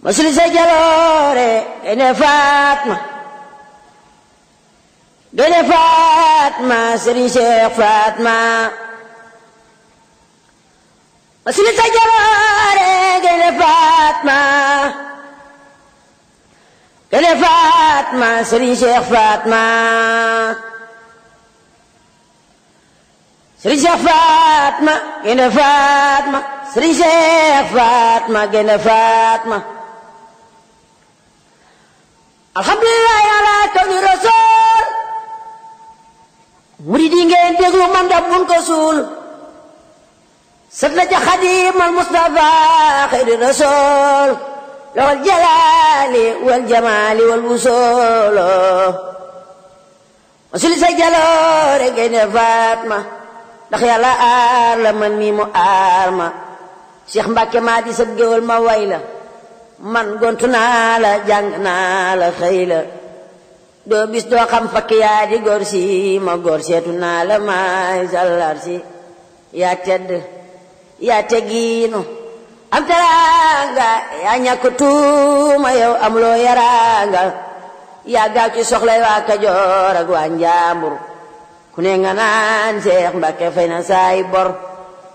masul sa jaloore dene faatma dene faatma sëriñ Seex faatma masul sa jaloore dene faatma dene faatma sëriñ Seex faatma sëriñ Seex faatma dene faatma sëriñ Seex faatma dene faatma alhamdulilah ala kawi rasul murid yi ngeen déglu man dam mun ko suul sat la ca xadim al mustafa xayri rasul lawal jalali wal jamali wal busolo masuli sa jaloore ngay ne faat ma ndax yàlla aar la man mii mu aar ma Cheikh Mbacke maa di sa géwal ma way la man gontu naa la jàng naa doo bis doo xam fakk yaa di ma góor seetu naa la maay sallar si yaa tedd yaa teggiinu am teraanga yaa ñàkk tuuma yow am loo yaraanga yaa gaaw ci soxlay waa Kajoor ak waa Njaambur ku ne naan Seex Mbàkke fay na saay bor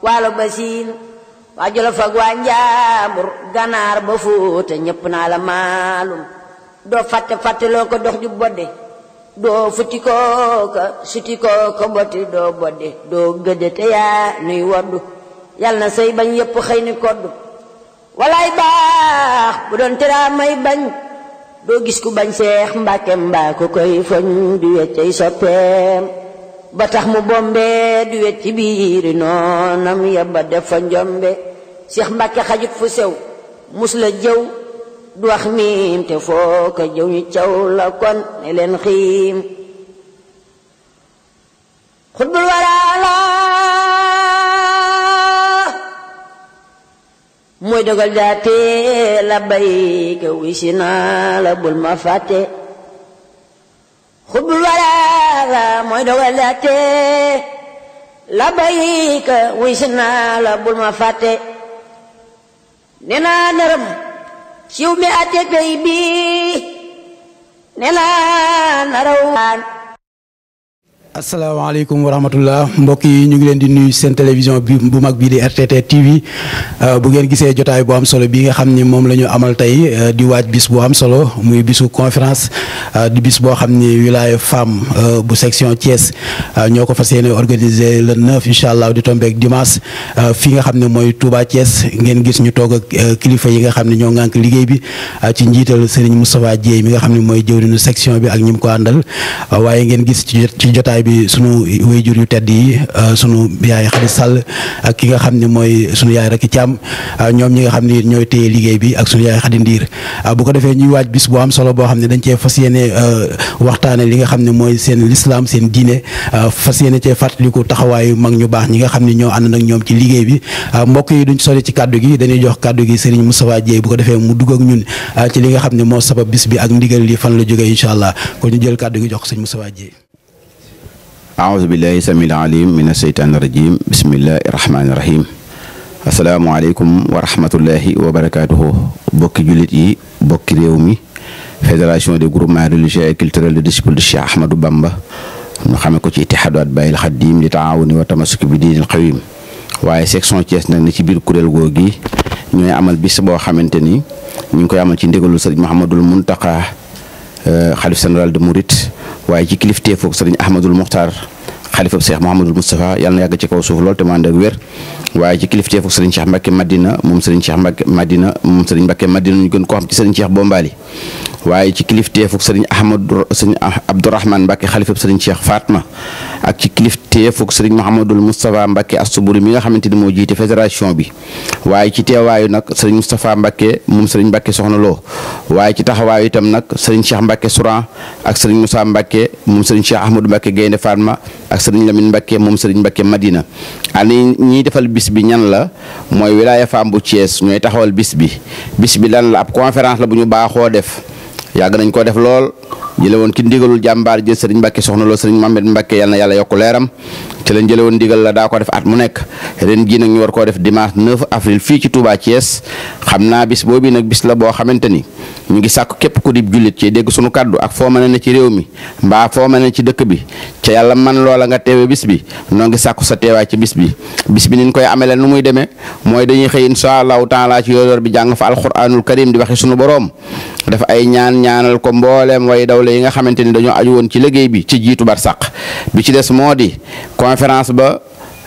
waalo basiinu waa Jolof ak waa Njaambur ganaar ba Fuuta ñëpp naa la maalum doo fàtte fàtteloo ko dox ju bodde doo futti kooka suti kooka botti doo bodde doo gëdde te yaa nuy woddu yal na say bañ yëpp xëy ni koddu walaay baax bu doon teraa may bañ doo gis ku bañ seex mbàkke mbaa ko koy foñ du weccey soppeem ba tax mu bombe du wet ci noonam ya def fa njombe Cheikh Mbacke xajut fu sew mus la jëw du wax miim te foo ko jëw ñu caw la kon ne leen xiim xutbul waraala mooy dogal daate la bay ka wisi bul ma fàtte xutbul waraala yàlla mooy dogal atte labayka wuy si naa la bul ma fàtte ne naa nërëm siw mi atte pey bi ne naa naraw asalaamaaleykum wa rahmatullah mbokk yi ñu ngi leen di nuyu seen télévision bi bu mag bii di RTT TV euh, bu ngeen gisee jotaay bu am solo bii nga xam ni moom la amal tey euh, di waaj bis bu am solo muy bisu conférence euh, di bis boo xam ni wilaya femme bu section Thiès ñoo ko fas yéene organiser le 9 incha allah di tombeek dimanche fi nga xam ne mooy Touba Thiès ngeen gis ñu toog ak kilifa yi nga xam ne ñoo ŋànk liggéey bi ci njiital Serigne Moustapha Dieye mi nga xam ne mooy jëwriñu section bi ak ñi ko àndal waaye ngeen gis ci bi sunu wayjur yu tedd yi euh, sunu yaay Xadi Sall ak ki nga xam ne mooy sunu yaay Racky Thiam euh, ñoom ñi nga xam ni ñooy téye liggéey bi ak sunu yaay Xadi Ndiir euh, bu ko defee ñuy waaj bis boo am solo boo xam ne dañ cee fas yéene waxtaane li nga xam ne mooy seen lislaam seen diine fas yéene cee fàttaliku taxawaayu mag ñu baax ñi nga xam ne ñoo ànd nag ñoom ci liggéey bi mbokk yi duñ sori ci kàddu gi dañuy jox kàddu gi Serigne Moustapha Dieye bu ko defee mu dugg ñun li nga xam ne moo sabab bis bi ak ndigal li fan la jógee incha allah kon ñu jël kàddu gi jox Serigne Moustapha Dieye aawuzu billahi samil alim min asheytaani rajim bismillahi rahmaani rahim asalaamaaleykum wa rahmatullahi wa barakaatuhu bokki jullit yi bokki réew mi fédération des groupements religieux et culturels de disciples de Cheikh Ahmadou Bamba ñu xamee ko ci ittihaadu atbaa'il xadiim li taawuni wa tamasuki bi diinil xawiim waaye section Thiès nag ni ci biir kuréel googi ñooy amal bis boo xamante ni ñu ngi koy amal ci ndigalul sëriñ Mouhamadul Muntaqa euh, xalif général de Mouride. waaye ci foog sëriñ Ahmadul Muxtaar xalifab Cheikh Mouhamadul Moustapha yàlla na yàgg ci kaw suuf lool te mu ànd ak wér waaye ci kilifteefu sëriñ Cheikh Mbacke Madina moom sëriñ Cheikh Mbacke Madina moom sëriñ Mbacke Madina ñu gën koo xam ci sëriñ Cheikh Bombali waaye ci kilifteefuk sëriñ ahmadu sëriñ abdourahman mbàkke xalifab sëriñ cheikh fatma ak ci kilifteefuk sëriñ mouhamadul moustapha mbàkke assuburi mi nga xamante ni moo jiite fédération bi waaye ci teewaayu nag sëriñ moustapha mbàkke moom sëriñ mbàkke soxna loo waaye ci taxawaayu itam nag sëriñ cheikh mbàkke souran ak sëriñ moussa mbàkke moom sëriñ cheikh ahmadou mbàkke gaynde fatma ak sëriñ lamin mbàkke moom sëriñ mbàkke madina ani ñiy defal bis bi ñan la mooy wilaaya faam bu Thiès ñooy taxawal bis bi bis bi lan la ab conférence la bu ñu baaxoo def yàgg nañ ko def lool jële woon ci ndigalul jàmbaar jël sëriñ Mbàkke soxna loo sëriñ Mamet Mbàkke yal na yàlla yokku leeram ci lañ jële woon ndigal la daa ko def at mu nekk ren jii nag ñu war koo def dimanche 9 avril fii ci Touba Thiès xam naa bis boobu nag bis la boo xamante ni ñu ngi sàkk képp ku di jullit ci dégg sunu kaddu ak foo mën ne ci réew mi mbaa foo mën ne ci dëkk bi ca yàlla man loola nga teewe bis bi noo ngi sàkku sa teewaa ci bis bi bis bi niñ koy amele nu muy demee mooy dañuy xëy insha allahu taala ci yoor bi jàng fa alquranul karim di waxi sunu boroom def ay ñaan ñaanal ko mbooleem way dawle yi nga xamante ni dañoo aju woon ci liggéey bi ci jiitu barsàq bi ci des moo di conférence ba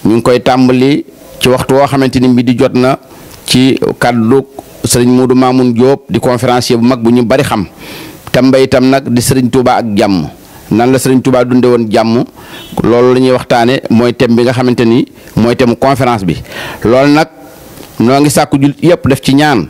ñu ngi koy tàmbali ci waxtu woo xamante ni mbi di jot na ci kàddu sëriñ Modou Mamoun Diop di conférencier bu mag bu ñu bari xam te mbay tam nag di sëriñ Touba ak jàmm nan la sëriñ Touba dunde woon jàmm loolu la ñuy waxtaane mooy thème bi nga xamante ni mooy thème conférence bi loolu nag noo ngi sàkku jullit yépp def ci ñaan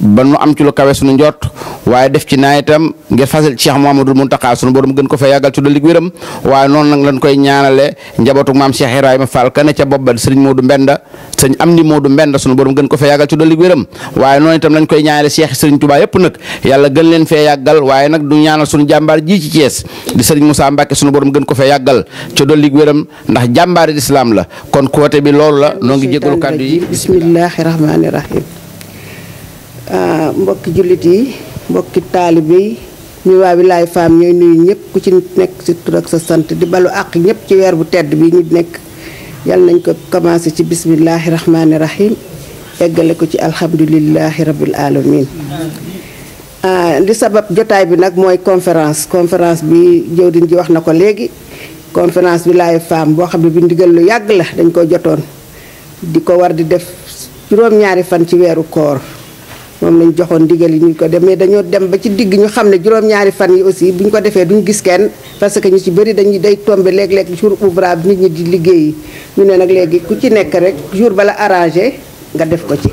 ba nu am ci lu kawe sunu njort waaye def ci naa itam ngir fasal Cheikh Mouhamadul Mountakha sunu borom gën ko fa yàggal ci dolli wéram waaye noonu nag lañ koy ñaanale njabootu maam Cheikh Ibrahima Fall ka ne ca bopp ba sëriñ Modou Mbenda sëriñ Amdi Modou Mbenda sunu borom gën ko fa yàggal ci dolli wéram waaye noonu itam lañ koy ñaanale Cheikh sëriñ yëpp nag yàlla gën leen fee yàggal waaye nag du ñaanal jàmbaar ji ci Thiès di sëriñ Moussa Mbacke sunu borom gën ko fa yàggal ci dolli wéram ndax jàmbaari lislaam la kon côté bi loolu la noo ngi jégalu kàddu yi bismillahi rahmaani rahim Euh, mbokki jullit yi mbokki taalibe yi ñu waa Wilaya Femme ñooy nuyu ñëpp ku ci nekk ci tur ak sa sant di balu àq ñëpp ci weer bu tedd bi ñu nekk yal nañ ko commencé ci bismillahi rahmaani rahim eggale ko ci alhamdulilahi rabil alamin li euh, sabab jotaay bi nag mooy conférence conférence bi jëwriñ ji wax na ko léegi conférence Wilaya Femme boo xam ne bi ndigal lu yàgg la dañ koy jotoon di ko war di def juróom-ñaari fan ci weeru koor moom lañ joxoon ndigal yi ñu ko dem mais dañoo dem ba ci digg ñu xam ne juróom-ñaari fan yi aussi bu ñu ko defee duñ gis kenn parce que ñu ci bëri dañuy day tombé léeg-léeg jour ouvrable nit ñi di liggéeyi ñu ne nag léegi ku ci nekk rek jour bala arrangé nga def ko ci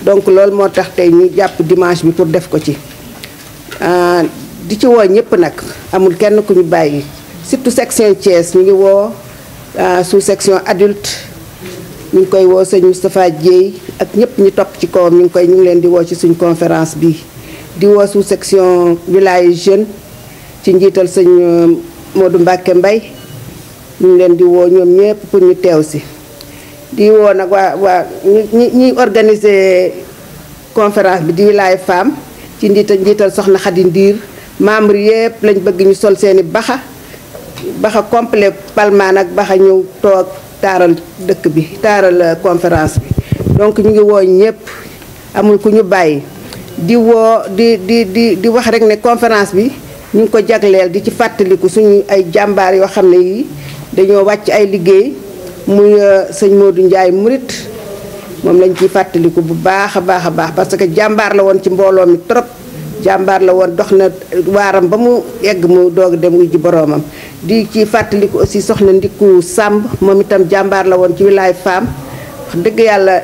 donc loolu moo tax tey ñu jàpp dimanche bi pour def ko ci euh, di ci woo ñëpp nag amul kenn ku ñu bàyyi surtout section Thiès ñu ngi woo euh, sous section adulte ñu ngi koy woo sëñ Moustapha Dieye ak ñëpp ñu topp ci kawam ñu ngi koy ñu ngi leen di woo ci suñ conférence bi di woo sous section village jeune ci njiital sëñ euh, Modou Mbacke Mbay ñu ngi leen di woo ñoom ñëpp pour ñu teew si di woo nag waa waa ñi ñuy organiser conférence bi di Wilaaye Femme ci njiital njiital soxna Xadi Ndiir membre yëpp lañ bëgg ñu sol seeni baxa baxa complet palmaan ak baxa ñëw toog taaral dëkk bi taaral euh, conférence bi donc ñu ngi woo ñëpp amul ku ñu bàyyi di woo di di di di wax rek ne conférence bi ñu ngi ko jagleel di ci fàttaliku suñu ay jàmbaar yoo xam ne yi dañoo wàcc ay liggéey muy euh, sëñ Modou njaay Murit moom lañ ciy fàttaliku bu baax a baax a baax parce que jàmbaar la woon ci mbooloo mi trop jàmbaar la woon dox na waaram ba mu egg mu doog dem wu boroomam di ci fàttaliku aussi soxna ndikku sàmb moom itam jàmbaar la woon ci wilaay femme dëgg yàlla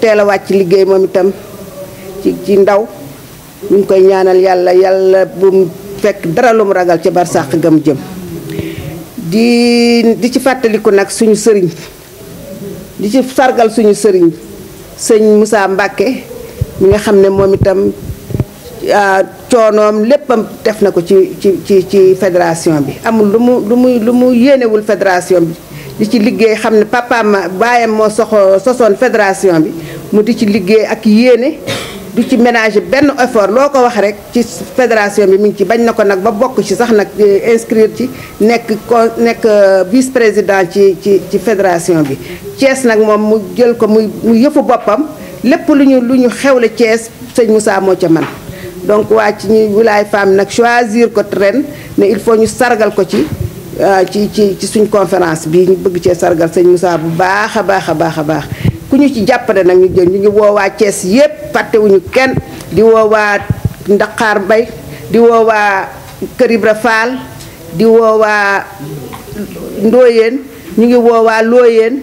teel a wàcc liggéey moom itam ci ndaw mu ngi koy ñaanal yàlla yàlla bu mu fekk dara lu mu ragal ca barsàq gam jëm di di ci fàttaliku nag suñu sëriñ di ci sargal suñu sëriñ sëñ Moussa Mbacke mi nga xam ne moom itam Euh, coonoom léppam def na ko ci ci ci ci fédération bi amul lu mu lu muy lu mu yéenewul fédération bi di ci liggéey xam ne papaam baayam moo soxo sosoon fédération bi mu di ci liggéey ak yéene di ci ménager benn effort loo ko wax rek ci fédération bi mi ngi ci bañ na ko nag ba bokk ci sax nag eh, inscrire ci nekk ko nekk euh, vice président ci ci ci fédération bi cees nag moom mu jël ko muy mu yëfu boppam lépp lu ñu lu ñu xewle cees sëñ Moussa moo ca man donc waa ci ñuy wilaay femme nag choisir ko ren ne il faut ñu sargal ko ci euh, ci ci ci suñ conférence bi ñu bëgg cee sargal sëñ Moussa bu baax a baax a baax a baax ku ñu ci jàppale nag ñu jël ñu ngi woowaa Cees yépp fàttewuñu kenn di woowaa Ndaxaar bay di woowaa Kër Ibra Faal di woowaa Ndooyeen ñu ngi woowaa Looyeen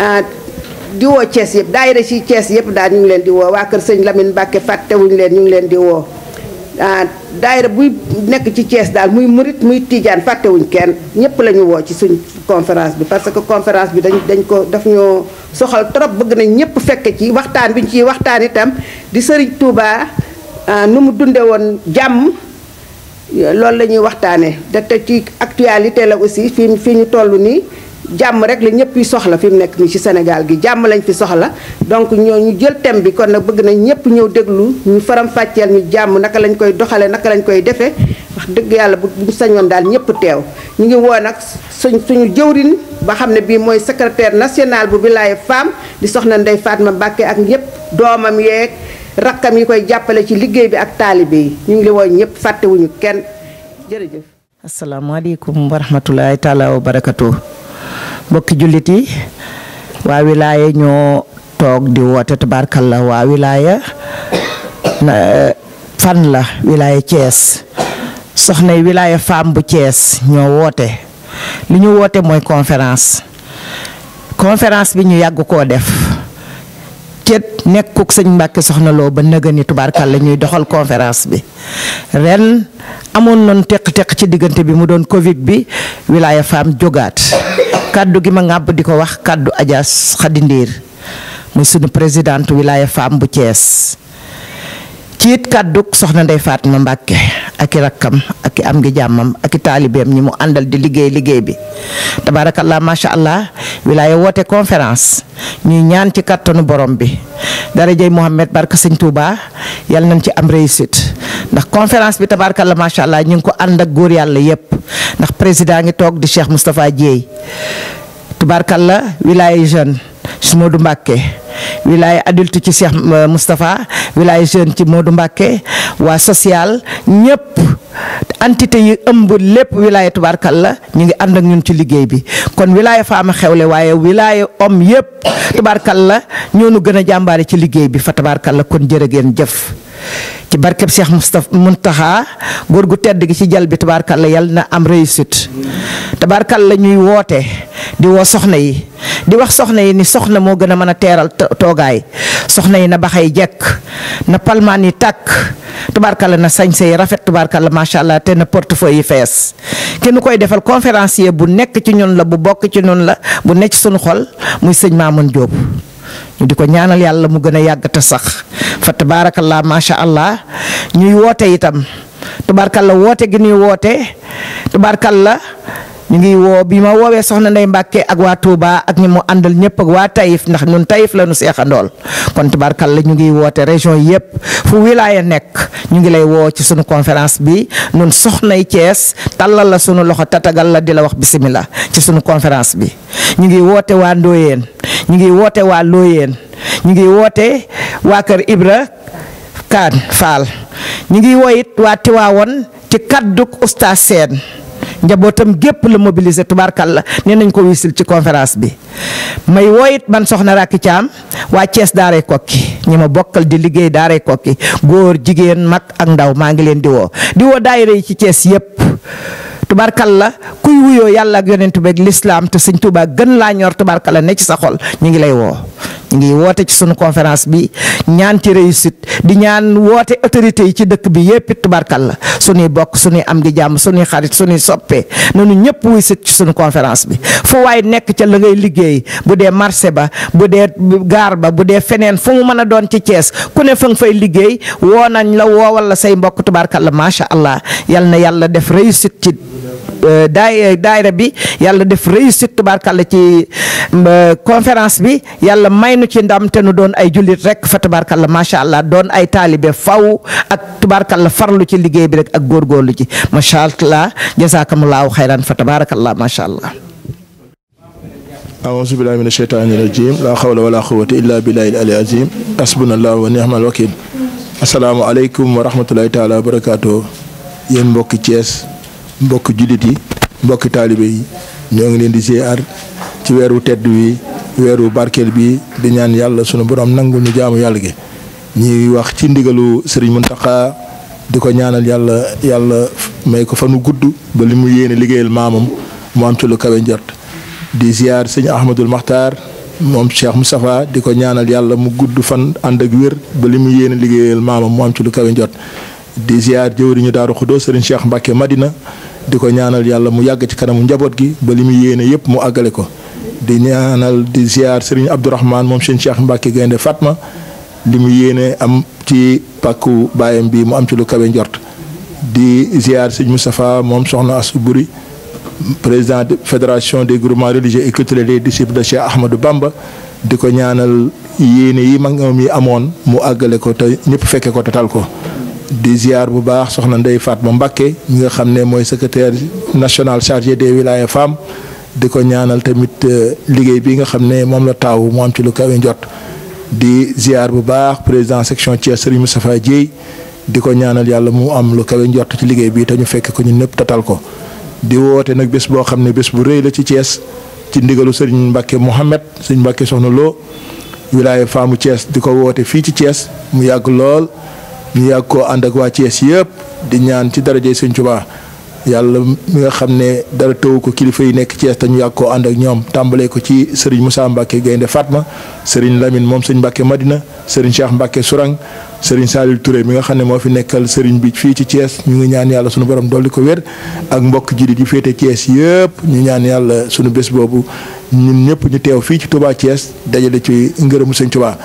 ah, diwoo cees Thiès yëpp daayira ci Thiès yëpp daal ñu ngi leen di woo waa kër sëñ Lamine Mbàkke fàttewuñu leen ñu ngi leen di woo ah daayira buy nekk ci Thiès daal muy murit muy tijaan fàttewuñ kenn ñëpp la ñu woo ci suñ conférence bi parce que conférence bi dañ dañ ko daf ñoo soxal trop bëgg nañ ñëpp fekk ci waxtaan bi ñu ciy waxtaan itam di sëriñ Touba ah, nu mu dundee woon jàmm loolu la ñuy waxtaanee te ci actualité la aussi fi fi ñu toll nii jàmm rek la ñëpp yi soxla fi mu nekk nii ci Sénégal gi jàmm lañ fi soxla donc ñoo ñu jël thème bi kon nag bëgg nañ ñëpp ñëw déglu ñu faram fàcceel ñu jàmm naka lañ koy doxalee naka lañu koy defee wax dëgg yàlla bu sañoon daal ñëpp teew ñu ngi woo nag suñ suñu jëwrin ba xam ne bii mooy secrétaire national bu Wilaya Femme di soxna Ndeye Fatma Mbacké ak ñëpp doomam yeeg rakkam yi koy jàppale ci liggéey bi ak taalibe yi ñu ngi li woo ñëpp fàttewuñu kenn jërëjëf asalaamaaleykum wa rahmatulahi taala wa mbokki jullit yi waa wilaaya ñoo toog di woote la waa wilaaya eh, fan la wilaaya Thiès soxna yi wilaaya femme bu Thiès ñoo woote li ñu woote mooy conférence conférence bi ñu yàgg koo def cet nekkuk sëñ Mbàkke soxna loo ba nëga ni tubaarkal la ñuy doxal conférence bi ren amoon noon teq-teq ci diggante bi mu doon Covid bi wilaaya faam jogaat kàddu gi ma ngàbb di ko wax kàddu Adja Khady Ndiir muy sunu présidente wilaaya faam bu Thiès ci it kàddu soxna Ndey Fatma Mbàkke ak i rakkam ak am ngi jàmmam ak i taalibeem ñi mu àndal di liggéey liggéey bi la macha allah wilaaya woote conférence ñuy ñaan ci kàttanu borom bi darajay Mouhamed barka sëñ Touba yal nañ ci am réussite ndax conférence bi la macha allah ñu ngi ko ànd ak góor yàlla yépp ndax président ngi toog di Cheikh Moustapha Dieye tabarakallah wilaaya jeune ci du Mbacke wilaya adulte ci Cheikh euh, Moustapha wilaya jeune ci moo Modou Mbacke waa social ñëpp entité yi ëmb lépp wilaya la ñu ngi ànd ak ñun ci liggéey bi kon wilaya faama xewle waaye wilaya om yëpp tubaarkalla la nu gën a jàmbaare ci liggéey bi fa la kon jërë ngeen jëf. ci barkeb Cheikh Moustapha Muntaxa góor gu tedd gi ci jal bi tabaarkalla yal na am réussite la ñuy woote di woo soxna yi di wax soxna yi ni soxna moo gën a mën a teeral toogaay soxna yi na yi jekk na palmaan yi tàkk tubaarkalla na sañse yi rafet la macha allah te na portefeuille yi fees ki koy defal conférencier bu nekk ci ñun la bu bokk ci ñun la bu nekk ci suñu xol muy sëñ Mamoun Diop ñu di ko ñaanal yàlla mu gën a yàggata sax fa tabaarakallaa macha allah ñuy woote itam tubaarkalla woote gi ñuy woote tubaarkalla ñu ngi woo bi ma woowee soxna Ndeye Mbacke ak waa Touba ak ñu mu àndal ñëpp ak waa Taïf ndax ñun Taïf la ñu seexandool kon tubaarkalla ñu ngi woote région yëpp fu wilaya nekk ñu ngi lay woo ci sunu conférence bi ñun soxnay Thiès tallal la sunu loxo tatagal la di la wax bisimilah ci sunu conférence bi ñu ngi woote waa Ndoyeen ñu ngi woote waa Looyeen ñu ngi woote waa kër Ibra Kaan Faal ñu ngi wooyit waa Tiwaawoon ci kadduk Oustaz Seen njabootam gépp la mobiliser la nee nañ ko wisil ci conférence bi may wooyit man soxna Rakki Caam waa Cees daaray kokki ñi ma bokkal di liggéey daaray kokki góor jigéen mag ak ndaw maa ngi leen di woo di woo daayira yi ci Cees yépp la kuy wuyoo yàlla ak yonent beeg lislaam te sëñ Tuubaa gën laa ñor la ne ci sa xol ñu ngi lay woo ñu ngi woote ci sunu conférence bi ñaan ci réussite di ñaan woote autorité yi ci dëkk bi yépp it la sunuy bokk sunuy am di jàmm sunuy xarit sunuy soppee nanu ñëpp wuy sit ci sunu conférence bi fu waaye nekk ca la ngay liggéey bu dee marché ba bu dee gaar ba bu dee feneen fu mu mën a doon ci Cees ku ne fa nga fay liggéey woo nañ la woowal say mbokk tubarkalla macha allah yal na yàlla def réussite ci euh, daay euh, daayira bi yàlla def réussite tubaarkàlla ci euh, conférence bi yàlla may nu ci ndam te nu doon ay jullit rek fa tubaarkàlla macha allah doon ay taalibe faw ak tubaarkàlla farlu ci liggéey bi rek ak góorgóorlu ci macha allah jazaakumullaahu xayran fa tabaarakallah macha allah. aouzu billaahi mina sheytaani rajiim laa xawla wala quwwata mbokki Thiès. mbokk jullit yi mbokki taalibe yi ñoo ngi leen di ziar ci weeru tedd wi weer wu barkeel bi di ñaan yàlla sunu borom nangu ñu jaamu yàlla gi ñuy wax ci ndigalu sëriñ Muntaxa di ko ñaanal yàlla yàlla may ko fanu gudd ba li mu yéene liggéeyal maamam mu am ci lu kawe njort di ziar sëñ Ahmadul Maxtaar moom Cheikh Moustapha di ko ñaanal yàlla mu gudd fan ànd ak wér ba li mu yéene liggéeyal maamam mu am ci lu kawe njort di ziar jëwriñu daaru xudoo sëriñ Cheikh Mbacke Madina di ko ñaanal yàlla mu yàgg ci kanamu njaboot gi ba li mu yéene yëpp mu àggale ko di ñaanal di ziar Serigne Abdourahman moom seen Cheikh Mbacke Gaynde Fatma li mu yéene am ci pàkku baayam bi mu am ci lu kawe njort di ziar Serigne Moustapha moom soxna Assou Buri président de fédération des groupements religieux et culturels de disciples de Cheikh Ahmadou Bamba di ko ñaanal yéene yi mag moom yi amoon mu àggale ko te ñëpp fekke ko te tal ko di ziar bu baax soxna faat Fatma Mbacké mi nga xam ne mooy secrétaire national chargé des wilaaya femmes di ko ñaanal tamit euh, liggéey bi nga xam ne moom la taaw mu am ci lu kawe njot di ziar bu baax président section Thiès Serigne Moustapha Dieye di ko ñaanal yàlla mu am lu kawe njot ci liggéey bi te ñu fekk ko ñun ñëpp tatal ko di woote nag bés boo xam ne bés bu rëy la ci Thiès ci ndigalu sëriñ Mbacké Mohamed Serigne Mbacké soxna loo wilaaya femm Thiès di ko woote fii ci Thiès mu yàgg lool. ñu yàgg koo ànd ak waa Thiès yëpp di ñaan ci daraje Sëñ Tuubaa yàlla mi nga xam ne dara tëw ko kilifa yi nekk Thiès dañu ñu yàgg koo ànd ak ñoom tàmbalee ko ci Serigne Moussa Mbacke Gaynde Fatma Serigne lamin moom sëñ Mbacke Madina Serigne Cheikh Mbacke suran Serigne Salil ture mi nga xam ne moo fi nekkal Serigne bi fii ci Thiès ñu ngi ñaan yàlla sunu borom dolli ko wér ak mbokk ji di féete Thiès yëpp ñu ñaan yàlla sunu bés boobu ñun ñëpp ñu teew fii ci Touba Thiès dajale ci ngërëmu Sëñ Tuubaa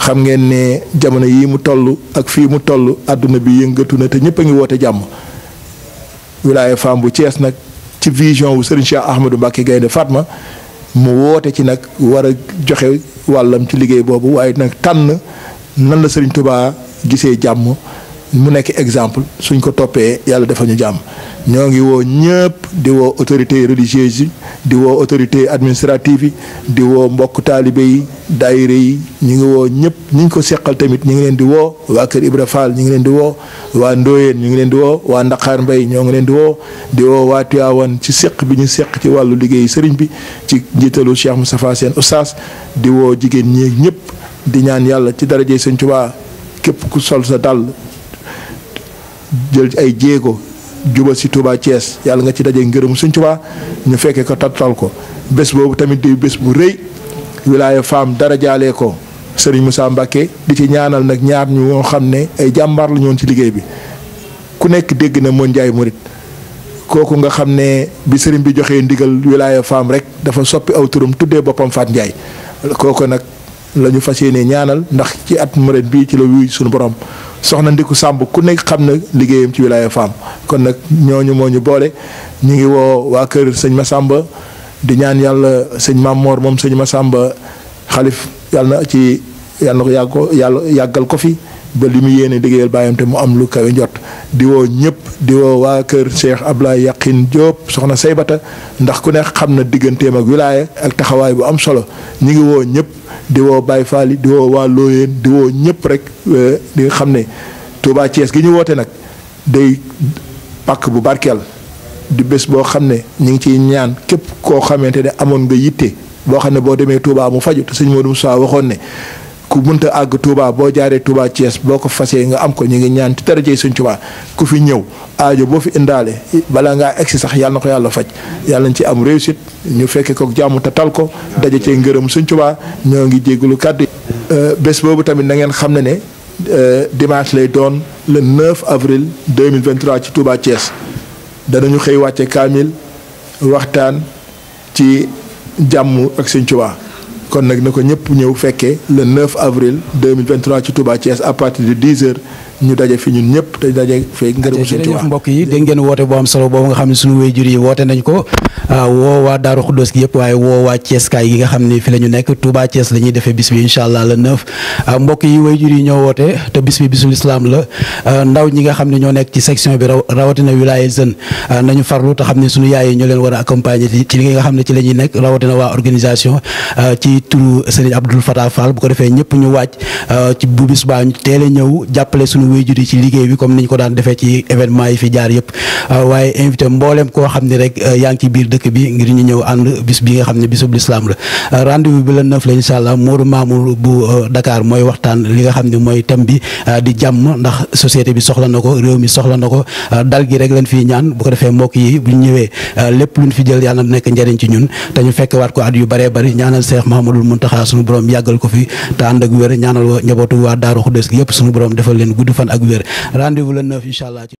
xam ngeen ne jamono yii mu toll ak fii mu toll àdduna bi yëngatu na te ñëpp a ngi woote jàmm wilaaya Fam bu cees nag ci vision wu Serigne Cheikh Ahmadou Mbacké Gaynde Fatma mu woote ci nag war a joxe wàllam ci liggéey boobu waaye nag tànn nan la Serigne Touba gisee jàmm mu nekk exemple suñ ko toppee yàlla dafa ñu jàmm ñoo ngi woo ñëpp di woo autorités religieuses yi di woo autorités administratives yi di woo mbokk taalibe yi daayira yi ñu ngi woo ñëpp ñu ngi ko seqal tamit ñu ngi leen di woo waa Kër Ibra Fall ñu ngi leen di woo waa Ndooyeen ñu ngi leen di woo waa Ndaqaar Mbay ñoo ngi leen di woo di woo waa Tiwaawan ci seq bi ñu seq ci wàllu liggéey sëriñ bi ci njiitalu Cheikh Moustapha Sène Oustaz di woo jigéen ñi ñëpp di ñaan yàlla ci darajey Sëñ Tuubaa képp ku sol sa dàll jël ay jéego jubal si Touba Thiès yàlla nga ci dajee ngërëmu suñ Touba ñu fekkee ko tattal ko bés boobu tamit di bés bu rëy wilaaya faam dara jaalee ko sëriñ Moussa Mbacke di ci ñaanal nag ñaar ñoo xam ne ay jàmbaar la ñoon ci liggéey bi ku nekk dégg na moo njaay murit kooku nga xam ne bi sëriñ bi joxee ndigal wilaaya faam rek dafa soppi aw turam tuddee boppam Faat Ndiaye kooku nag lañu ñu fas yéene ñaanal ndax ci at murit bi ci la wuy suñu borom soxna Ndiku sàmb ku nekk xam na liggéeyam ci wilaya Fam kon nag ñooñu moo ñu boole ñu ngi woo waa kër sëñ ma Massamba di ñaan yàlla sëñ Mamor moom sëñ ma Massamba xalif yàlla na ci yàlla na ko yàlla yàggal ko fi. ba li mu yéene liggéeyal bàyyam te mu am lu kawe njot di woo ñëpp di woo waa kër Cheikh Abdoulaye Yakhine Diop soxna Saybata ndax ku ne xam na digganteem ak wilaaya ak taxawaay bu am solo ñi ngi woo ñëpp di woo Baye Fall yi di woo waa Looyeen di woo ñëpp rek di nga xam ne Touba Thiès gi ñu woote nag day pàkk bu barkeel di bés boo xam ne ñu ngi ciy ñaan képp koo xamante ne amoon nga yitte boo xam ne boo demee Touba mu faju te sëñ Modou saa waxoon ne ku mënta àgg Touba boo jaaree Touba Thiès boo ko fasee nga am ko ñu ngi ñaan ci darajey Sëñ Tuubaa ku fi ñëw aajo boo fi indaale balaa ngaa egsi sax yàlla na ko yàlla faj yàlla nañ ci am réussite ñu fekkee ko jàmm te tal ko daje cee ngërëm Sëñ Tuubaa ñoo ngi jégalu kàddu euh, bés boobu tamit na ngeen xam ne ne euh, dimanche lay doon le 9 avril 2023 ci Touba Thiès danañu xëy wàcce kaamil waxtaan ci jàmm ak Sëñ Tuubaa kon nag na ko ñëpp ñëw fekkee le 9 avril 2023 ci Touba Thiès à partir de 10 heures ñu daje fi ñun ñëpp te daje fee ngërëmu suñu Tuubaa mbokk yi dégg ngeen woote boo am solo boobu nga xam ne suñu wéyjur yi woote nañ ko ah, woo Daaru Xuddoos gi yëpp waaye woo waa Thiès kaay gi nga xam ni fi la ñu nekk Touba Thiès la defee bis bi incha allah la ah, 9 mbokk yi wéyjur yi ñoo woote te bis bi bisul islam la ah, ndaw ñi nga xam ne ñoo nekk ci section bi rawatina wilaya jeune nañu farlu te xam ne suñu yaay yi ñoo leen war a accompagner ci li nga xam ne ci la ñuy nekk rawatina waa organisation ci turu Serigne bu ko defee ñëpp ñu waaj ci bu bis a ñëw jàppale suñu suñu wéyjur yi ci liggéey bi comme niñ ko daan defee ci événement yi fi jaar yëpp euh, waaye invité mbooleem koo xam ne rek euh, yaa ci biir dëkk bi ngir ñu ñëw ànd bis bi nga xam ne bisub lislaam la euh, rendez-vous bi la neuf la incha allah Modou Mamour bu Dakar mooy waxtaan li nga xam ne mooy thème bi di jàmm ndax société bi soxla na ko réew mi soxla na ko dal gi rek lañ fiy ñaan bu ko defee mbokk yi bu ñu ñëwee lépp luñ fi jël yàlla nekk njëriñ ci ñun te ñu fekk waa fan ak wér rendez-vous